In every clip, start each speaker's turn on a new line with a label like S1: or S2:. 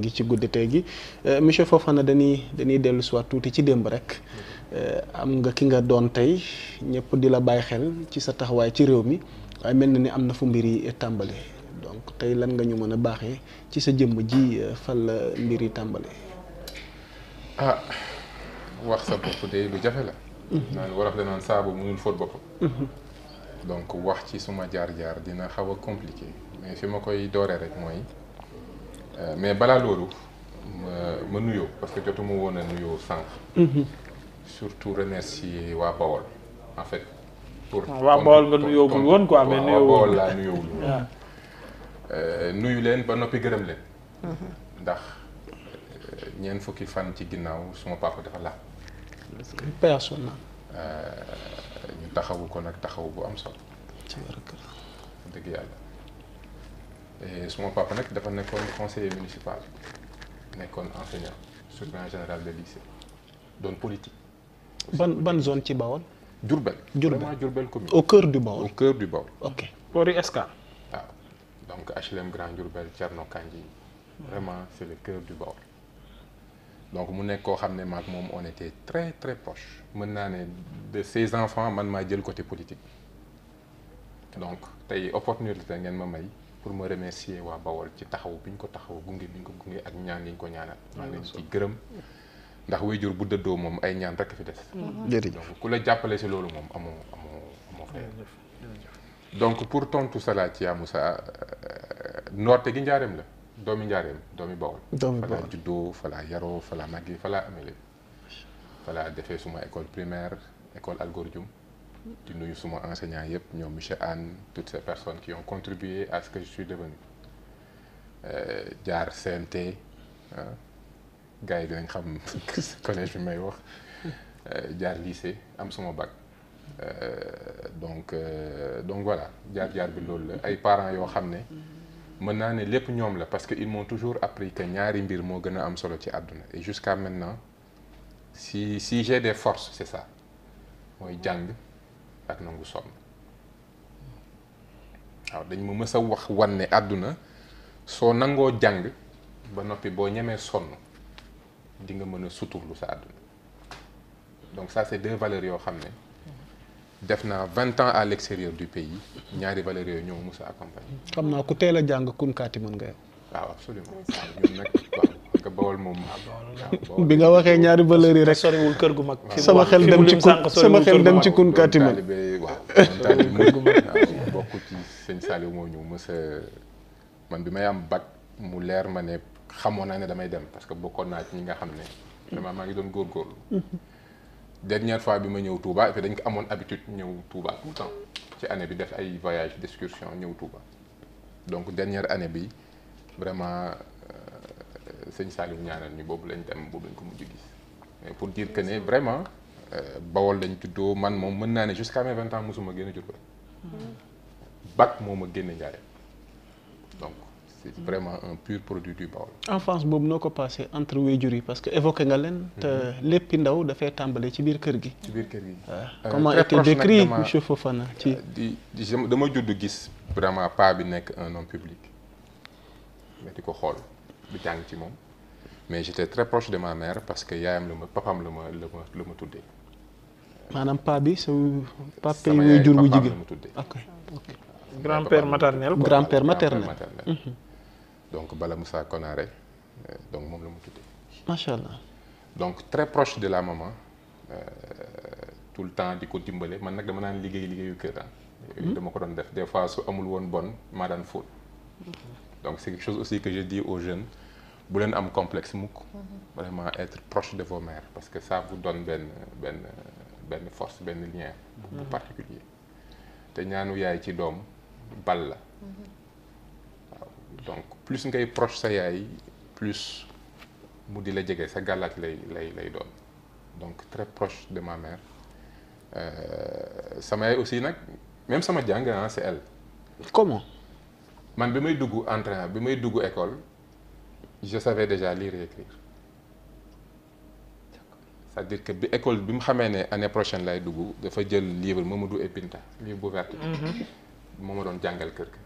S1: ngi ci guddi tey gi euh, monsieur Fofana dañuy dañuy dellu si tuuti ci démb rek euh, am nga ki nga doon tey ñëpp di la bàyyi xel ci sa taxawaay ci réew mi waaye mel na ni am na fu mbir yi tàmbale donc tey lan nga ñu mën a baaxee ci sa jëmm ji euh, fan la mbir yi tàmbale.
S2: ah wax sa bopp de lu jafe la. Mhm. naan wolof la naan saabu mënul fóot boppam. Mhm. donc wax ci suma jaar-jaar dina xaw a compliqué mais fi ma koy dooree rek mooy. Euh, mais balaa loolu euh, ma nuyoo parce que jotuma woon a nuyoo sànq. Mhm. surtout remercier waa Bawol en fait. pour ah, waa Bawol nga nuyoogul woon quoi mais nuyoogul waa laa nuyoogul ah. euh, nuyu leen ba noppi gërëm leen. Mhm. ndax ñeent fukki fan ci ginnaaw suma papa dafa la ñu taxawu ko nag taxaw bu am solo. ci wàllu dëgg yàlla. et suma papa nag dafa nekkoon conseiller municipal nekkoon enseignant surveillant général de lycée doon politique.
S1: ban ban zone ci bawoon Diourbel Diourbel vraiment Diourbel commune. au cœur du Bawol au cœur du Bawol. ok
S2: Pori Escale. donc HLM Grand Diourbel Thierno Kandji vraiment est le cœur du Bawol. donc mu nekk koo xam ne maag moom on très très proche mën naa ne de ses enfants man maa jël côté politique donc tey opportunité ngeen ma may. pour ma remercier waa Bawol ci taxaw bi ñu ko taxaw gunge bi ñu ko gunge ak ñaan yi ñu ko ñaanal. Mm-hmm. maa ngi leen ci gërëm ndax wéyjur bu dëddoo moom ay ñaan rek fi des. Mm-hmm. jërëjëf donc ku la jàppale si loolu moom amoo amoo amoo donc pour tontu salaat yaa Moussa euh, noorte gi njaareem la doomi njaareem doomi Bawol. doomi Bawol falaa juddoo falaa yaroo falaa màggee falaa amee lépp. falaa defee suma école primaire école Algor Dioum di nuyu suma enseignants yëpp ñoom monsieur Anne toutes ces personnes qui ont contribué à ce que je suis devenu euh, jaar CNT gars yi dinañ xam collège bi may wax euh, jaar lycée am suma bac euh, donc euh, voilà jaar-jaar bi loolu la ay parents yoo xam ne mën naa ne lépp ñoom la parce que il m'ont toujours appris que ñaari mbir moo gën a am solo ci àdduna et jusqu'à maintenant si si j'ai des force c'est ça mooy jàng ak nangu sonn waaw dañ ma mësa wax wan ne àdduna soo nangoo jàng ba noppi boo ñemee sonn di nga mën a suturlu sa àdduna donc ça c'est deux valeurs yoo xam ne def naa vingt ans à l'extérieur du pays ñaari valeurs yooyu ñëw mës a accompagner.
S1: xam naa ku teel a jàng kunkaati mën nga yow.
S2: waaw absolument ñun nag waaw que Bawol moom ah,
S1: ah, bi nga waxee ñaari valeur yi rek soriwul kër gu mag sama xel dem ci sama xel dem ci kun katima waaw ci
S2: sëñ Saliou moo ñëw mës man bi may am bag mu leer ma ne xamoon naa ne damay dem parce que bokkoon naa ci ñi nga xam ne maa ngi doon góorgóorlu dernière fois bi ma ñëw Touba et dañ ko amoon habitude ñëw Touba tout le temps ci année bi def ay voyage d'excursion ñëw Touba donc dernière année bi sëñ Saliou ñaanal ñu boobu lañ dem boobu lañ ko mujj gis mais pour dire que ne vraiment euh, bawol lañ juddoo man moom mën naa ne jusqu'à mes vingt ans mosuma génn Diourbel hmm. bac moom a génn Ndiarème donc c'est hmm. vraiment un pur produit du Bawol.
S1: enfance boobu noo ko passé entre waajur yi parce que évoqué nga leen. te hmm. léppi ndaw dafay tàmbale ci biir kër gi.
S2: ci biir kër gi waaw. Ah. Euh, comment était décrit monsieur Fofana euh, ci. di di dama juddu gis vraiment pas bi nekk un homme public di ko xool. di jàng ci moom mais j'étais très proche de ma mère parce que yaayam la ma papaam la ma tuddee.
S1: maanaam paa bi sa papa yi jur bu jigéen ma tuddee. ok ok
S2: grand père maternel. Mhm. donc Bala Moussa Konaré euh, donc moom la ma tuddee.
S1: macha donc
S2: très proche de la maman euh, tout le temps di ko dimbale man nag dama naan liggéey liggéeyu kër ah. mhm. dama ko doon def des fois su amul woon bon maa daan fóot. Mhm. donc c'est quelque chose aussi que je dis aux jeunes. bu leen am complexe mukk vraiment être proche de vos mères parce que ça vous donne benn benn benn force benn lien bu mhm. particulier te ñaanu yaay ci doom bal la mhm. donc plus ngay proche sa yaay plus mu di la jege sa gàllaaj lay lay doon donc très proche de ma mère euh, sama yaay aussi nag même sama jàng ah c'est elle comment man bi may dugg entraînement bi may dugg école je savais déjà lire et écrire cest dire que bi école bi mu xamee ne année prochaine lay dugg dafa jël livre Mamadou et Binta livre bu vert bi mm-hmm. moo ma doon jàngal kër ga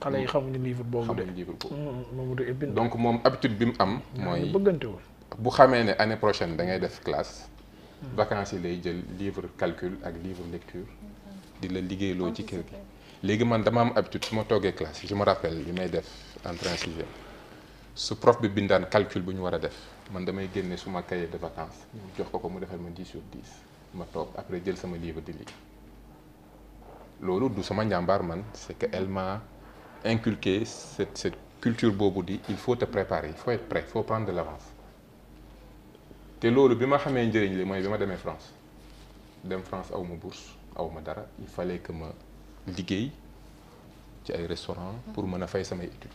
S1: xale yi xamuñu livre boobu de mm-hmm. donc moom
S2: habitude bi mu am mooy bëggantewul bu xamee ne année prochaine dangay ngay def classe mm-hmm. vacances yi lay jël livre calcul ak livre lecture di la loo ci kër gi léegi man dama am habitude su ma toogee classe je me rappelle li may def en train su prof bi bindaan calcul bu ñu war a def man damay génne suma cahier de vacances jox ko ko mu defal ma 10 sur 10 ma toog après jël sama livre di lii loolu du sama njàmbaar man c'est que elle m'a inculqué cette culture boobu di il faut te préparer il faut être prêt il faut prendre de l'avance te loolu bi ma xamee njëriñ li mooy bi ma demee France dem France aw ma bourse aw ma dara il fallait que ma liggéey ci ay restaurant pour mën a fay samay études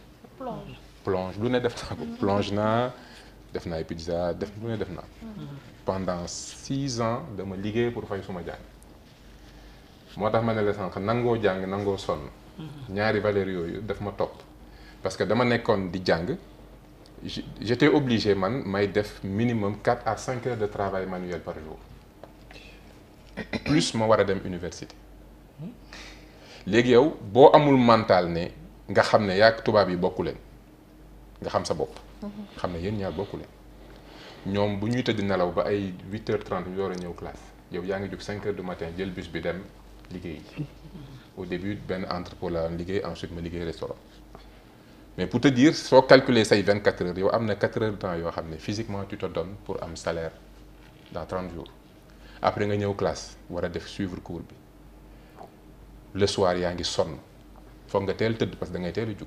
S2: plonge lu ne def naa ko plonge naa def naa def lu def naa pendant six ans dama liggéey pour fay suma jàng moo tax ma ne la sànq nangoo jàng nangoo sonn ñaari valeurs yooyu daf ma topp parce que dama nekkoon di jàng j'étais obligé man may def minimum quatre à cinq heures de travail manuel par jour plus ma war a dem université léegi yow boo amul mental ne nga xam ne yaa tubaab yi bokku leen nga xam sa bopp. xam ne yéen ñaar bokku leen ñoom bu ñuy tëdd nelaw ba ay huit heures trente ñu door a ñëw classe yow yaa ngi jóg cinq heures du matin jël bus bi dem liggéey ji au début benn entrepôt la liggéey ensuite ma liggéey restaurant mais pour te soo calculer say vingt quatre heures yow am na quatre heures de temps yoo xam ne physiquement tu te donnes pour am salaire dans trent jours après nga ñëw classe war a def suivre cours bi le soir yaa ngi sonn foog nga teel tëdd parce que da ngay teel a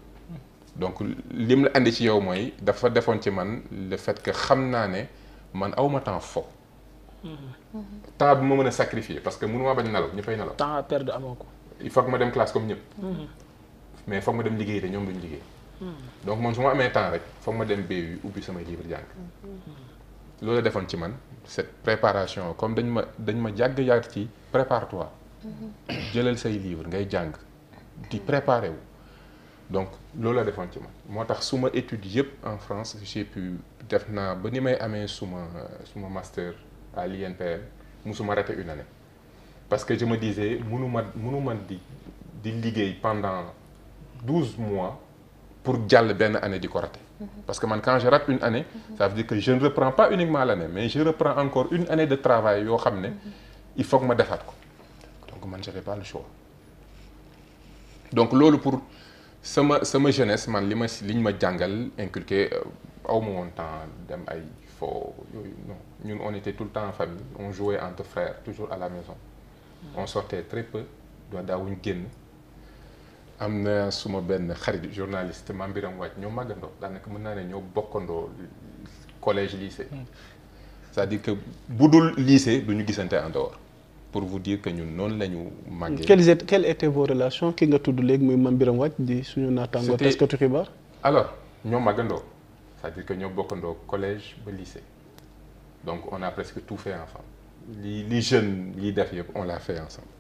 S2: donc lim la indi ci yow mooy dafa defoon ci man le fait que xam naa ne man awma temps fo mhm. temps bi ma mën a sacrifier parce que mënumaa bañ nalaw ñëppay nalaw temps à perdre amoo ko il faut ma dem classe comme ñëpp mhm. mais foog ma dem liggéey te ñoom duñu liggéey mhm. donc moom su ma amee temps rek foog ma dem BU ubbi samay livre jàng loolu defoon ci man cette préparation comme dañ ma dañ ma jàgg yàgg ci prépare jëlal say livre ngay jàng di préparer wu donc loolu la defoon ci moo tax suma étude yëpp en France j'ai pu def naa ba ni may amee suma euh, suma master à mu suma raté une année parce que je ma disais mënu ma mënu man di di liggéey pendant douze mois pour jàll benn année di ko raté mhm. parce que man quand je rate une année mhm. ça veut dire que je ne reprends pas uniquement l'année mais je reprends encore une année de travail yoo xam ne mhm. il faut ma defaat ko donc man j'avais pas le choix donc loolu pour sama sama jeunesse man li ma si li ñu ma jàngal inculqué euh, aw ma woon temps dem ay fo ñun on était tout le temps en famille on jouait entre frères toujours à la maison mm. on sortait très peu daawuñ génn am na suma benn xarit journaliste Mame Birame Wathie ñoo màggandoo nekk mën naa ne ñoo bokkandoo collège lycée mm. c'est-à-dire que bu dul lycée du ñu gisante en dehors pour vous dire que ñun noonu la ñu màggee. quelles étaient quelles
S1: étaient vos relations ki nga tudd léegi muy Mame Birame Wathie di suñu naataango taskatu xibaar.
S2: alors ñoo màggandoo cest dire que ñoo bokkandoo collège ba lycée donc on a presque tout fait ensemble li li jeune li def yëpp on l'a fait ensemble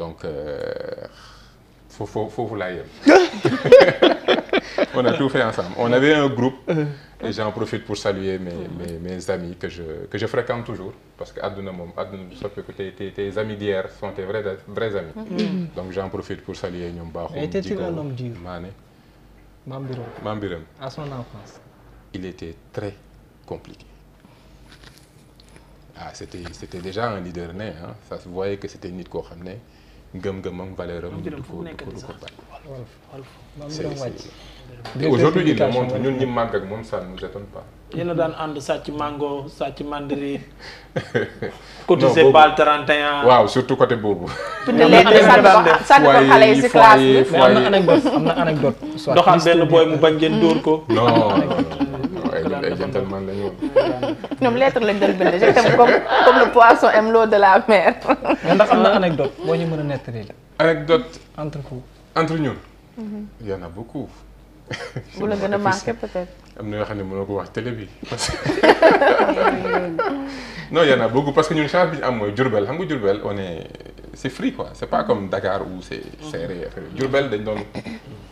S2: donc euh, foofu laa yem. on a tout fait ensemble. On avait un groupe. Euh. Et j'en profite pour saluer mes, mes, mes, amis que je, que je fréquente toujours. Parce que Aduna Mom, Aduna tes, tes, tes amis d'hier sont tes vrais, vrais amis. Mm -hmm. Donc j'en profite pour saluer Nyom Bahoum. Était-il un homme dur Mané. Mambiram. Mambiram.
S1: À son enfance.
S2: Il était très compliqué. Ah, c'était déjà un leader né. Hein. Ça se voyait que c'était Nid Kohamne. gëm-gëm am valeur am. du ko du ko du
S1: ko bàyyi. aujourd'hui il le montre ñun ñi màgg ak moom ça ne nous étonne pas. yéen a daan ànd sàcc mango sàcc mandarin. cotisé bal 31. waaw surtout côté boobu.
S2: tuddalee sànni ko xale yi si classe bi. am na anecdote am na
S1: anecdote doxal benn booy mu bañ ngeen dóor ko. non. gentleman la ñoom. ñoom lettre lañ doon bind je t'aime comme comme le poisson aime l'eau de la mer. ndax am na anecdote moo ñu mën a nettali. anecdote entre
S2: vous. entre ñuul mhm. y na a beaucoup. bu la gën a marqué peut am na yoo xam ne mënoo ko wax télé bi parce que. non y a beaucoup parce que ñun chance bi ñu am mooy Diourbel xam nga Diourbel on est c'est free quoi c'est pas mhm. comme Dakar ou c'est mhm. serré affaire Diourbel dañ doon.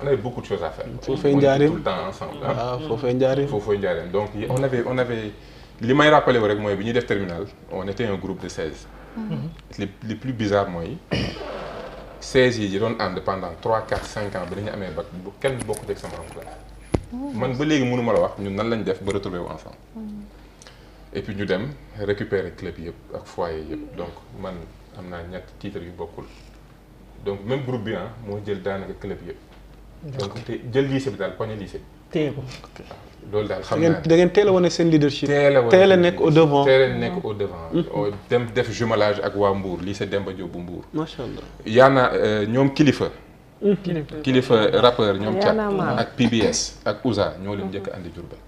S2: on avait beaucoup de choses à faire. Foofee Njaareem tout le temps ensemble ah. waaw Foofee Njaareem. Foofee donc on avait on avait li may rappelé wu rek mooy bi ñuy def terminal on était un groupe de seize. li mhm. li plus bizarre mooy seize yi doon ànd pendant trois quatre cinq ans ba dañu amee ba bu kenn bokkut ak sama classe. Oh. man ba léegi mënuma la wax ñun nan lañu def ba retrouver wu ensemble. Mm. et puis ñu dem récupérer club yëpp ak foyer yëpp donc man am naa ñett titre yu bokkul donc même groupe bi ah moo jël daanaka club yëpp. donc te jël lycée bi daal poñe lycée bi. téye ko loolu daal xam naa da
S1: ngeen teel a wane seen leadership. teel a nekk au devant teel a nekk au devant. Mm-hmm. Oh,
S2: dem def jumelage ak waa Mbour lycée Demba Diop bu Mbour. macha allah yaana euh, ñoom kilifa.
S1: Mm-hmm. kilifa kilifa
S2: euh, rappeur ñoom Thiat ak PBS ak Ouza ñoo leen njëkk andi Diourbel.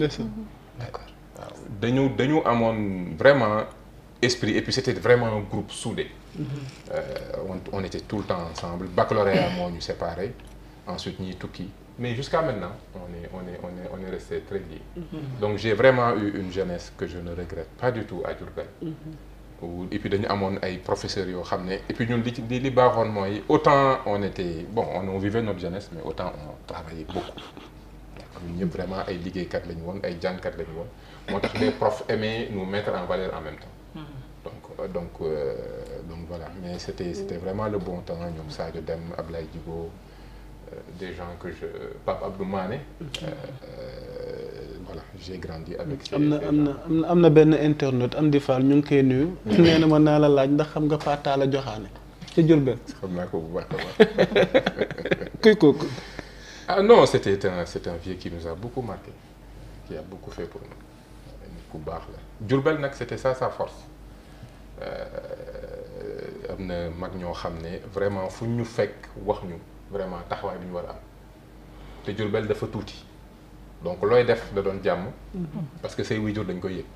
S2: Mm-hmm. d'accord waaw dañu dañu amoon vraiment esprit et puis c'était vraiment un groupe soudé. Euh, on on était tout le temps ensemble baccalauréat moo ñu séparé. ensuite ñiy tukki mais jusqu'à maintenant on est on est on est on est resté très liés. Mm-hmm. donc j'ai vraiment eu une jeunesse que je ne regrette pas du tout à Diourbel. Mm-hmm. et dañu amoon ay professeurs yoo xam ne et puis li ci li baaxoon mooy autant on était bon on vivait notre jeunesse mais autant on travaillait beaucoup. ñëpp vraiment ay liggéeykat lañu woon ay jàngkat lañu woon moo tax les profs aimaient nous mettre en valeur en même temps. Mm-hmm. donc euh, donc euh, donc voilà mais c'était vraiment le bon temps ñoom Sadio Deme Ablaye Djigo. Euh, des gens que je Pape Abdou Mané. Euh, euh, voilà am na am
S1: na am na benn internet am di Fall ñu ngi koy nuyu. nee na ma naa la laaj ndax xam nga Pataala Joxaane ci Diourbel. xam naa bu baax a baax. kuy kooku.
S2: ah non c'était c'est un vieux qui nous a beaucoup marqué qui a beaucoup fait pour nous nit ku baax la Diourbel nag c'était ça sa force am na mag ñoo xam ne vraiment fu ñu fekk wax ñu. vraiment taxawaay bi ñu war a am te Diourbel dafa tuuti donc looy def da doon jàmm parce que say waajur dañ koy yëg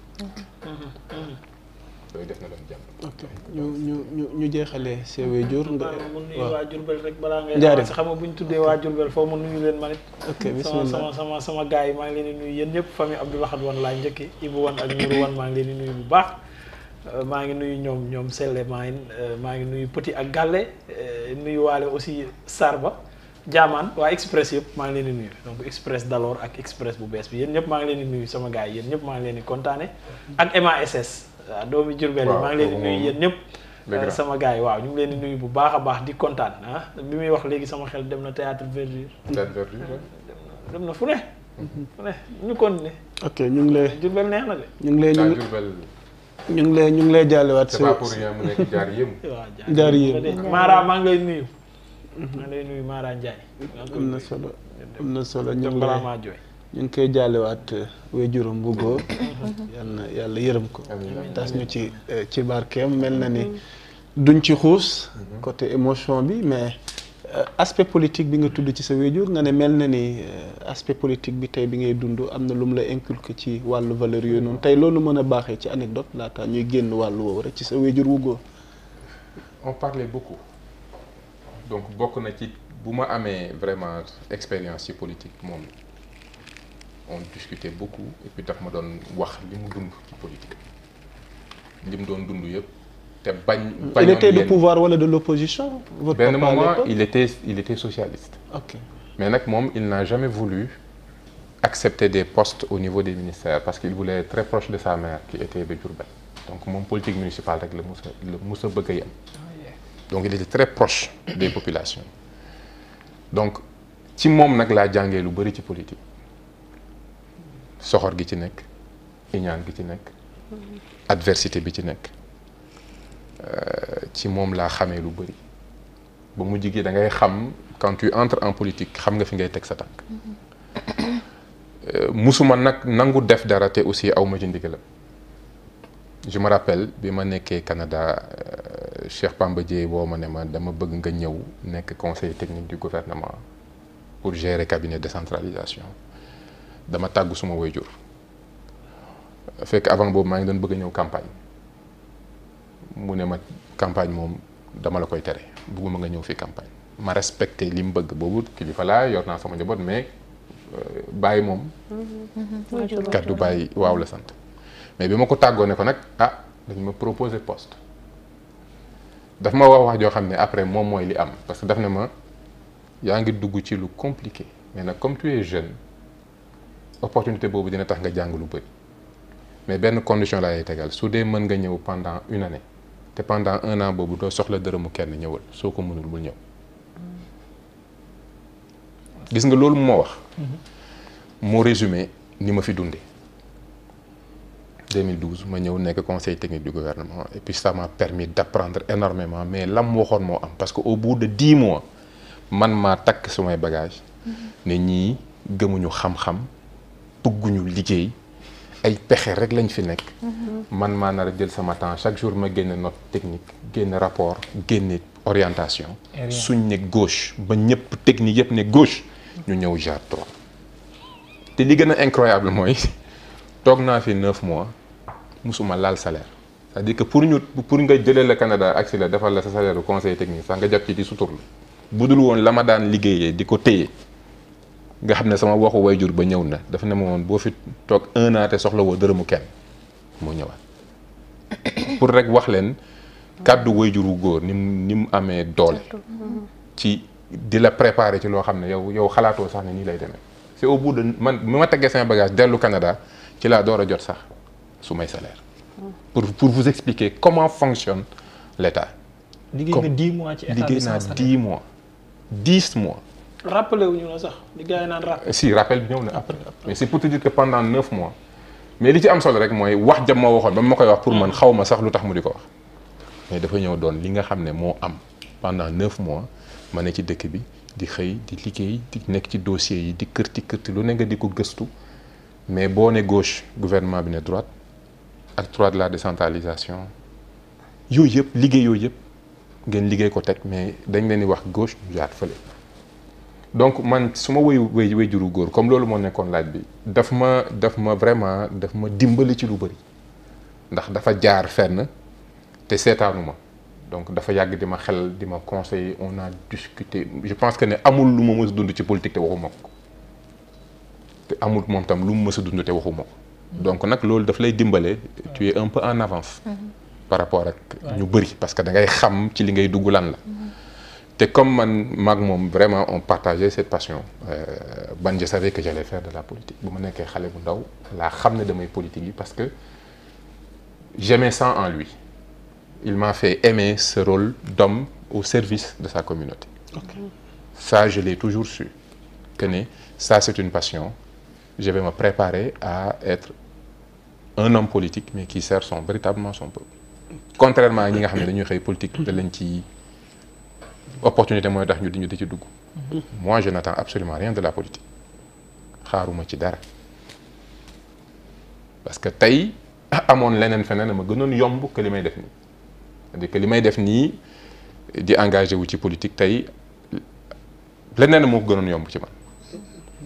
S2: looy def
S1: na doon jàmm ok ñu ñu ñu ñu jeexalee say waajur nga mun nuyu waa Diourbel rek balaa ngay jaaree xam nga bu ñu tuddee waa Diourbel foofu mun nuyu leen man it ok bismillah sama sama sama gars yi maa ngi leen di nuyu yéen ñëpp famille Abdou Lahad Wane laa njëkki Ibou Wane ak Nourou Wane maa ngi leen di nuyu bu baax Euh, maa ngi nuyu ñoom ñoom Selle euh, maa ngi nuyu Petit ak Galle euh, nuyu waale aussi Sarba Jaamaan waa Express yëpp maa ngi leen nuyu donc Express d'alors ak Express bu bees bi yéen ñëpp maa ngi leen di nuyu sama gars yi yéen ñëpp maa ngi leen di kontaane doomi Jurbel yi maa ngi leen nuyu yéen
S2: ñëpp sama
S1: gars yi waaw ñu ngi leen di nuyu bu baax a baax di kontaan ah bi muy wax léegi sama xel dem na théâtre verdure dem na fu ne fu ne ñu continuer ok ñu ngi lay Jurbel neex na de ñu ngi lay ñu ñu ngi lay ñu ngi lay jàllewaat. c'est pas mu nekk jaar yëm. waaw jaar yëm Mara lay nuyu. maa ngi lay nuyu Mara am na solo na solo ñu ngi lay ñu ngi koy jàllewaat euh, wéy juróom bu góor na yàlla yërëm ko tas ñu ci euh, ci barkeem mel na ni duñ ci xuus mm-hmm. côté émotion bi mais Euh, aspect politique bi nga tudd ci sa wéjur nga ne mel na ni euh, aspect politique bi tey bi ngay dund am na lu mu la inculque ci wàllu valeur yooyu noonu tey loolu mën a baaxee ci anecdote laata ñuy génn wàllu woowu rek ci sa wéjur wu góor parle parlait beaucoup
S2: donc bokk na ci bu ma amee vraiment expérience ci politique moom on discutait beaucoup et puis daf ma doon wax li mu dund ci politique li mu doon dund yëpp te bañ.
S1: bañoon il était du pouvoir wala de l'opposition votre papa à l'époque benn moment
S2: il était socialiste. mais nag moom il n'a jamais voulu accepter des postes au niveau des ministères parce qu'il voulait être très proche de sa mère qui était de Diourbel donc moom politique municipale rek la musa la musa yem donc il était très proche des populations donc ci moom nag laa jàngee lu bari ci politique soxor gi ci nekk iñaan gi ci nekk adversité bi ci nekk Euh, ci moom laa xamee lu bëri ba mu jigee da ngay xam quand entre en politique xam nga fi ngay teg sa tànk euh, musuma nag nangu def dara te aussi aw ma ci ndigalam je me rappelle bi ma nekkee Canada euh, Cheikh Pamba Dieye woo ma ne ma dama bëgg nga ñëw nekk conseil technique du gouvernement pour gérer cabinet décentralisation dama tàgg suma waajur fekk avant boobu maa ngi doon bëgg a ñëw campagne mu ne ma campagne moom dama la koy tere bugguma nga ñëw fi campagne ma respecté li mu bëgg boobu kilifa laa yor naa sama njaboot mais euh, bàyyi moom
S3: mm-hmm. du
S2: bàyyi waaw la sant mais bi ma ko tàggoo ne ko nag ah dañ ma proposé post daf ma wax wax joo xam ne après moom mooy li am parce que daf ne ma yaa ngi dugg ci lu compliqué mais nag comme tu es opportunité boobu dina tax nga jàng lu bëri mais benn condition laa lay tegal su dee mën nga ñëw pendant une année te pendant un an boobu doo soxla dërëmu kenn ñëwal soo ko mënul bul ñëw gis nga loolu moo wax mm-hmm. moo résumé ni ma fi dundee 2012 ma ñëw nekk conseil technique du gouvernement et puis ça m'a permis d'apprendre énormément mais lam waxoon moo am parce que au bout de dix mois man maa takk sumay bagage mm-hmm. ne ñii gëmuñu xam-xam bëgguñu liggéey ay pexe rek lañ fi nekk. Mhm. man maa nar jël sama temps chaque jour ma génn note technique génn rapport génne orientation. suñ ne gauche ba ñëpp technique yëpp ne gauche. ñu ñëw jaar droit. te li gën a incroyable mooy toog naa fi neuf mois musuma laal salaire c'est-à-dire que pour ñu pour nga jëlee la Canada ak si la defal la sa salaire conseil technique sax nga jàpp ci di sutur la budul woon la ma daan liggéeyee di ko téye. nga xam ne sama waxu jur ba ñëw na dafa ne ma woon boo fi toog un an te soxla woo dërëmu kenn moo ñëwaat pour rek wax leen kàddu wayjur wu góor ni mu ni mu amee doole ci di la préparer ci loo xam ne yow yow xalaatoo sax ne nii lay demee c'est au de man bi ma teggee sama bagage dellu Canada ci laa door a jot sax su may salaire pour pour vous expliquer comment fonctionne l'État
S1: liggéey nga dix mois ci état liggéey naa
S2: dix mois dix mois
S1: rappelé wu ñu sax li
S2: si rappel bi ñëw na après mais c'est pour te dire que pendant neuf mois mais li ci am solo rek mooy wax jam ma waxoon ba ma koy wax pour man xaw ma sax lu tax mu di ko wax mais dafa ñëw doon li nga xam ne moo am pendant neuf mois ma ne ci dëkk bi di xëy di liggéey di nekk ci dossier yi di kërti kërti lu ne di ko gëstu mais boo ne gauche gouvernement bi ne droite ak droit de la décentralisation yooyu yëpp liggéey yooyu yëpp ngeen liggéey ko teg mais dañ leen di wax gauche ñu jaar donc man su ma wéy wéy wéy juru góor comme loolu moo nekkoon laaj bi daf ma daf ma vraiment daf ma dimbali ci lu bëri ndax dafa jaar fenn te seetaanu ma donc dafa yàgg di ma xel di ma conseiller on a discuté je pense que ne amul lu ma mës a dund ci politique te waxuma ko te amul moom tam lu mu mës a dund te waxu ko donc nag loolu daf lay dimbale tu es un peu en avance mm-hmm. par rapport ak ñu bëri parce que da ngay xam ci li ngay dugg lan la mm-hmm. te comme man maag moom vraiment on partageait cette passion euh, ban je savais que j'allais faire de la politique bu ma nekkee xale bu ndaw laa xam ne damay politique yi parce que j'aimais ça en lui il m'a fait aimer ce rôle d'homme au service de sa communauté okay. ça je l'ai toujours que ne ça c'est une passion je vais me à être un homme politique mais qui sert son véritablement son peuple contrairement à ñi nga xam ne dañuy xëy politique da lañ ci opportunité mooy tax ñu di di ci dugg. moi je n'attends absolument rien de la politique xaaruma ci dara parce que tey amoon leneen feneen ma gënoon yomb que may def nii cest li may def nii di engagé wu ci politique tey leneen a moo ko gënoon yomb ci man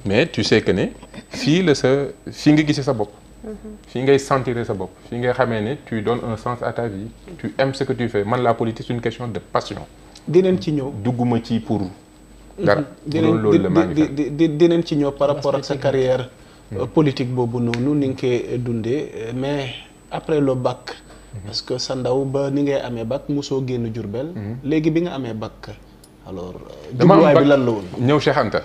S2: mais tu sais que ne fii la sa fii nga gisee sa bopp. fii ngay sentir sa bopp fii ngay xamee ne tu donnes un sens à ta vie. tu aimes ce que tu fais man la politique c'est une question de passion.
S1: dinañ ci ñëw dugguma ci pour.
S2: Mhm. dara loolu la maa
S1: dinañ ci ñëw par rapport ak sa carrière euh, mhm. politique boobu noonu ni nga koy euh, dundee mais après le bac. Mhm. parce que sa ndaw ba ni ngay amee bac mosoo génn Jurbel léegi bi nga amee bac alors. jubluwaay bi lan la woon
S2: ñëw Cheikh Anta.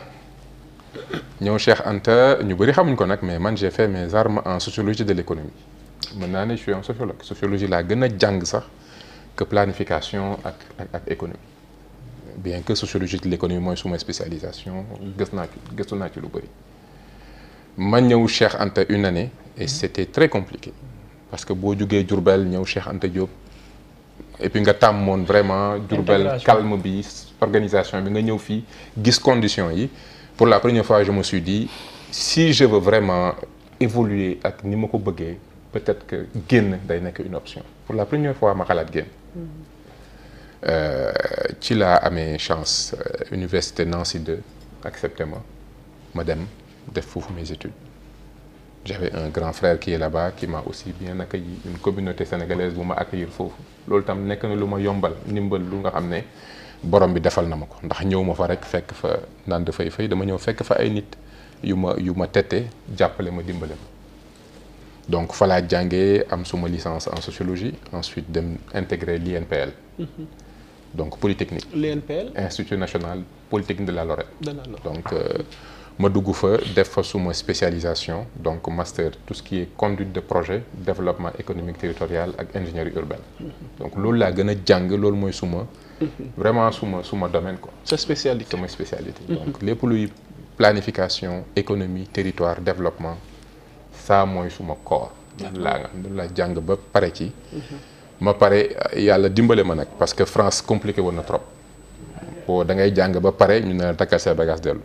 S2: ñëw Cheikh Anta ñu bëri xamuñ ko nag mais man j'ai fait mes armes en sociologie de l'économie mën naa ne je suis un sociologue sociologie laa gën a jàng sax que planification ak ak ak économie. bien que sociologie de l'économie mooy suma spécialisation gës naa gëstu naa ci lu bëri ma ñëw Cheikh Anta une année et mhm. c'était très compliqué parce que boo jugee Diourbel ñëw Cheikh Anta Diop et puis nga tàmmoon vraiment Diourbel calme bi organisation bi nga ñëw fii gis conditions yi pour la première fois je me suis dit si je veux vraiment évoluer ak ni ma ko bëggee peut-être que génn day nekk une option pour la première fois ma xalaat génn mhm. Euh, ci laa amee chance euh, université Nancy 2 accepté ma ma dem def foofu mes études j'avais un grand frère qui est là-bas m'a aussi bien accueilli une communauté sénégalaise bu ma accueillir foofu loolu tam nekk na lu ma yombal ndimbal lu nga xam ne borom bi defal na ma ko ndax ñëw ma fa rek fekk fa naan dafay fay dama ñëw fekk fa ay nit yu ma yu ma tette jàppale ma dimbale ma donc fa laa jàngee am suma licence en sociologie ensuite dem intégrer l'INPL mm-hmm. donc polytechnique. l'INPL institut national polytechnique de la Lorraine. donc euh, ma dugg fa def fa suma spécialisation donc master tout ce qui est conduite de projet développement économique territorial ak ingénierie urbaine. Mhm. donc loolu laa gën a jàng loolu mooy suma. Mhm. vraiment suma suma domaine quoi. sa spécialité sama spécialité. Mhm. donc lépp luy planification économie territoire développement saa mooy suma corps. laa nga laa jàng ba pare ci. ma pare eh, yàlla dimbale ma nag parce que France compliqué woon na trop boo da ngay jàng ba pare ñu ne la takkal sa bagage dellu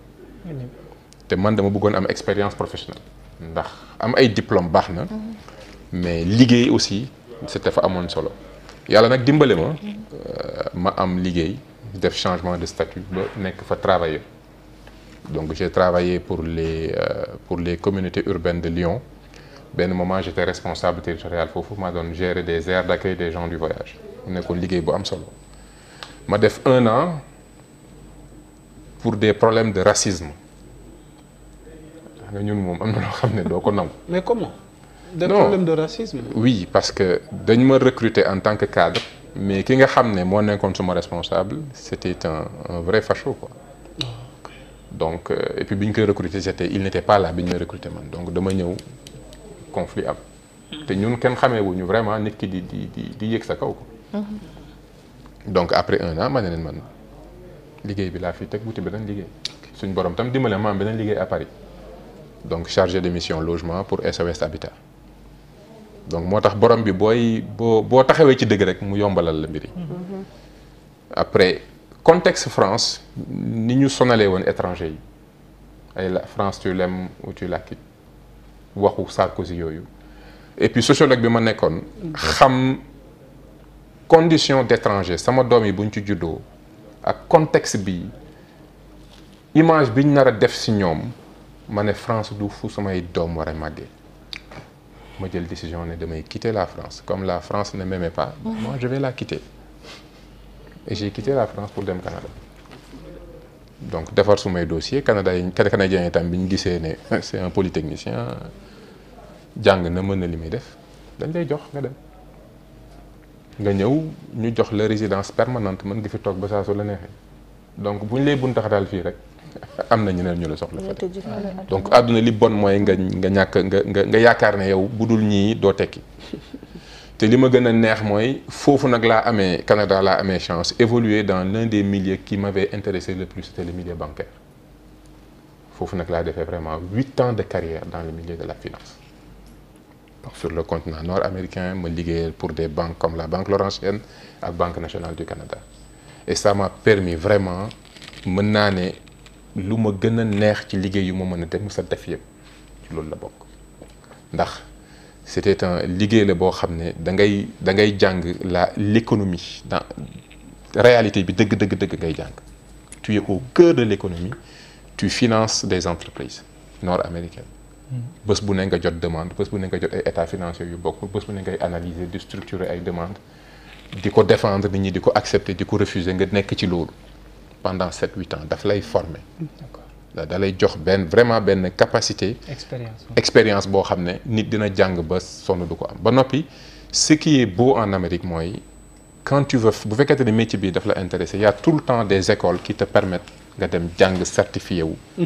S2: te man dama buggoon am expérience professionnelle ndax am ay diplôme baax na mais liggéey aussi c'était fa amoon solo yàlla nag dimbale ma euh, ma am liggéey def changement de statut ba nekk fa travailleur donc j'ai travaillé pour les euh, pour les communautés urbaines de Lyon benn moment j'étais responsable territorial foofu maa doon gérer des aires d'accueil des gens du voyage mu nekkoon liggéey bu am solo ma def un an pour des problèmes de racisme nga moom am na loo xam ne doo ko nangu.
S1: mais comment. des problèmes de racisme.
S2: oui parce que dañ ma recruter en tant que cadre. mais ki nga xam ne moo nekkoon suma responsable c'était un un vrai facho quoi. Ah, donc euh, et puis bi ñu koy recruter c'était il n'était pas là bi ñu may recruter man donc dama ñëw. conflit am te ñun kenn xamee wuñu vraiment nit ki di di di di sa kaw ko mhm. donc après un an ma ne leen man liggéey bi laa fi teg wuti beneen liggéey suñ borom tam dimbale ma am beneen liggéey à Paris donc chargé de mission logement pour SOS Habitat donc moo tax borom bi booy boo boo taxawee ci dëgg rek mu yombalal la mbir mhm. après contexte France ni ñu sonalee woon étranger yi ay la France tu l'aimes ou tu la waxu Sarkozy yooyu et sociologue bi ma nekkoon. xam condition d'étranger sama doom yi bu ñu ci juddoo ak contexte bi image bi ñu nar a def si ñoom ma ne France du fu samay doom war a màggee ma jël décision ne damay quitter la France comme la France ne m'aimait pas. moi je vais la quitter et j'ai quitté la France pour dem Canada. donc defar su may dossier Canada yi Canadien yi tam bi ñu gisee ne ah, c'est un polytechnicien jàng na mën na li muy def dañ lay jox nga dem nga ñëw ñu jox la résidence permanente mën ngi fi toog ba saa su la neexee donc bu ñu lay buntaxatal fii rek am na ñeneen ñu la soxla
S3: fa donc
S2: àdduna li bon mooy nga nga ñàkk nga nga nga yaakaar ne yow bu dul ñii doo tekki te li ma gën a neex mooy foofu nag laa amee Canada laa amee chance évoluer dans l'un des ki qui m'avait intéressé le plus c'était le milieu bancaire foofu nag laa defee vraiment huit ans de carrière dans le milieu de la finance donc sur le continent nord-américain ma liggéeyal pour de banques comme la Banque Laurentienne ak Banque nationale du Canada et ça m'a permis vraiment mën naa ne lu ma gën a neex ci liggéey yu ma mën a dem sa def yëpp ci loolu la bokk c'était un liggéey la boo xam ne da ngay da jàng la l'économie dans réalité bi dëgg dëgg dëgg ngay jàng tu es de l'économie tu finance des entreprises nord-américaines mm-hmm. bés bu ne nga jot demande bés bu ne nga jot ay états financiers yu bokk bés bu ne ngay analyser di structurer ay demandes di ko défendre nit ñi di ko accepter di ko refuser nga nekk ci loolu pendant sept huit ans daf lay former. da lay jox benn vraiment benn capacité. expérience boo xam ne nit dina jàng ba sonn du ko am ba noppi ce qui est beau en Amérique mooy quand tu veux bu fekkente ne métier bi daf la intéressé y a tout le temps des écoles ki te permettent nga dem jàng certifié wu. Mm.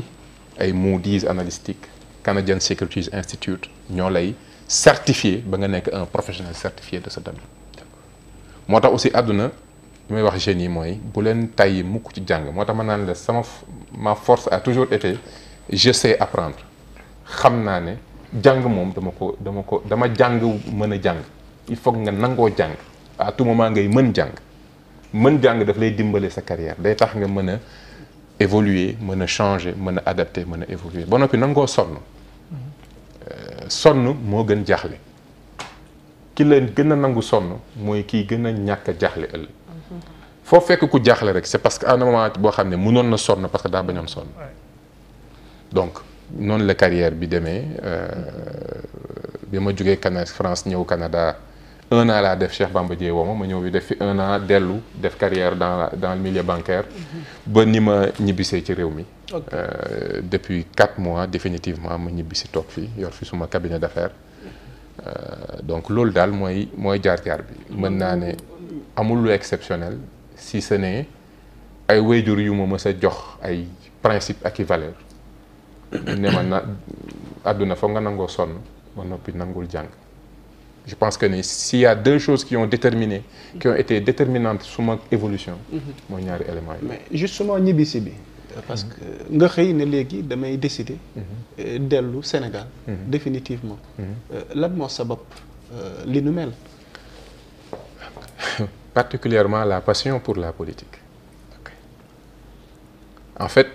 S2: ay Moody's analytique Canadian Securities Institute ñoo lay certifier ba nga nekk un professionnel certifié de sa domaine. moo tax aussi àdduna li may wax jeunes mooy bu leen tayyi mukk ci jàng moo tax ma naan la sama ma force a toujours été je sais apprendre xam naa ne jàng moom dama ko dama ko dama jàng mën a jàng il foog nga nangoo jàng à tout moment ngay mën jàng mën jàng daf lay dimbale sa carrière day tax nga mën a évoluer mën a changer mën a adapter mën a évoluer ba noppi nangoo sonn euh, sonn moo gën jaaxle ki leen gën a nangu sonn mooy kii gën a ñàkk a jaaxle foo fekk ku jaaxle rek c'est parce que à un moment boo xam ne mënoon na sonn parce que daa bañoon sonn donc noonu la carrière bi demee euh, bi ma jógee Canada France ñëw Canada un an laa def Cheikh Bamba Dieye woo ma ma ñëw bi def fi un an dellu def carrière dans dans le milieu bancaire mm-hmm. ba ni ma ñibbisee ci réew mi euh, depuis quatre mois définitivement ma ñibbisi toog fii yor fi suma cabinet d'affaires euh, donc loolu daal mooy mooy jaar-jaar bi mën naa ne amul lu exceptionnel si ce n'est ay wéyjur yu ma sa jox ay principe ak i valeur ne na àdduna foog nga nangoo sonn ba noppi nangul jàng je pense que ni s'il y a deux choses qui ont déterminé qui ont été déterminantes suma évolution mm-hmm. mooy ñaari éléments yi mais
S1: justement ñibbisi bi parce que nga xëy ne léegi damay décider mm-hmm. dellu Sénégal mm-hmm. définitivement euh, lan moo sabab euh, li nu mel
S2: particulièrement la passion pour la politique. En fait,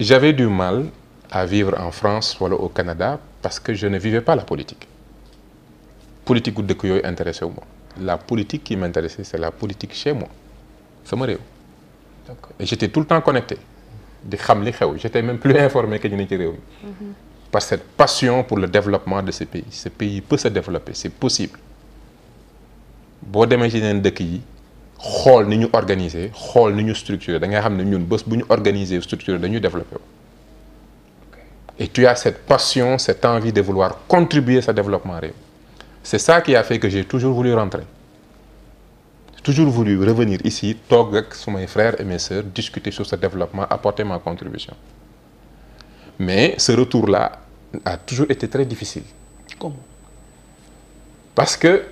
S2: j'avais du mal à vivre en France wala au Canada parce que je ne vivais pas la politique. politique gu dëkk yooyu intéressé wu ma la politique qui m'intéressait c'est la politique chez moi sama réew. et j'étais tout le temps connecté di xam li xew j'étais même plus informé que ñu ne ci réew mi. Mm-hmm. par cette passion pour le développement de ce pays ce pays peut se développer c'est possible. boo demee ci neen dëkk yi xool ni ñu organiser xool ni ñu structurer da ngay xam ne ñun bës bu ñu organiser structurer dañuy développer et tu as cette passion cette envie de vouloir contribuer à développement réew c'est ça qui a fait que j'ai toujours voulu rentrer toujours voulu revenir ici toog ak sumay frères et mes sœurs discuter sur ce développement apporter ma contribution mais ce retour la a toujours été très difficile parce que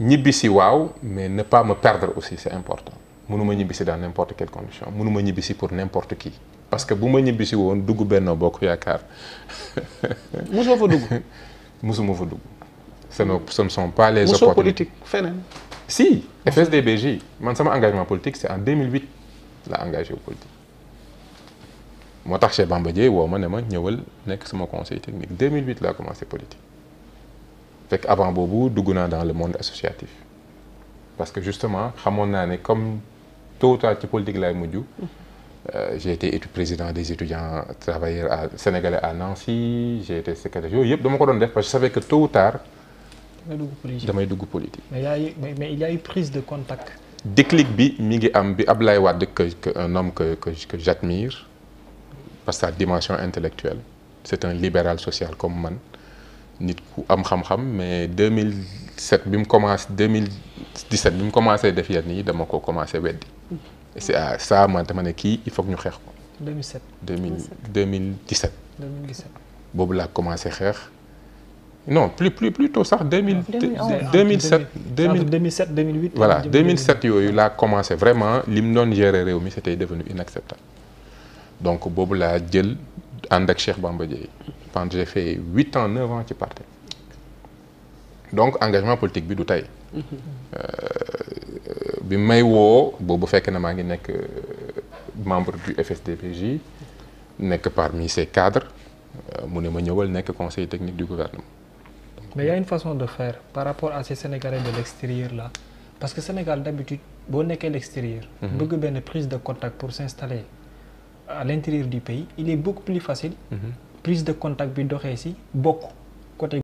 S2: ñibbisi waaw mais ne pas me perdre aussi c'est important mënuma ñibbisi dans n'importe quelle condition mënuma ñibbisi pour n'importe qui parce que bu ma ñibbisi woon dugg Benno Bokk Yaakaar. mosoo fa dugg. fa dugg. ce ne ce ne sont pas les. opportunités mosoo politique
S1: feneen. si
S2: FSDBJ man sama engagement politique c'est en 2008 la engagé wu politique moo tax Cheikh Bamba Dièye woo ma ne ma ñëwal nekk sama conseil technique 2008 laa commencé politique. fekk avant boobu dugg naa dans le monde associatif parce que justement xamoon naa ne comme tôt ou tard ci politique laay mujj mhm. euh, j'ai été étu président des étudiants travailleurs à sénégalais à Nancy j'ai été secrétaire yooyu yëpp dama ko doon def parce que je savais que tôt ou tard damay dugg politique
S1: mais il yaa a eu prise de contact
S2: déclic bi mu ngi am bi Ablaye Wade que que un homme que que que j'admire par sa dimension intellectuelle c'est un libéral social comme man nit ku am xam-xam mais 2007 bi mu commencé 2017 bi mu commencé def yenn yi dama ko commencé weddi. c'est à ça man dama ne kii il faut que ñu xeex ko. 2007 2017. 2017 boobu laa commencé xeex non plus plus plutôt sax 2000. 2007
S1: 2007 2008. voilà 2007
S2: yooyu laa commencé vraiment li mu doon gérer réew mi c'était devenu inacceptable donc boobu laa jël. ànd ak Cheikh Bamba Dièye je pense huit ans neuf ans ci parti donc engagement politique bi du tey euh, bi may woo boobu fekk na maa ngi nekk euh, membre du FSDPJ nekk parmi ses cadres euh, mu ne ma ñëwal nekk conseil technique du gouvernement
S1: mais il une façon de faire par rapport à ces Sénégalais de l'extérieur la parce que Sénégal d'habitude boo nekkee l'extérieur mhm. bëgg benn prise de contact pour s'installer à l'intérieur du pays il est beaucoup plus facile. Mm-hmm. prise de contact bi doxee ci bokk.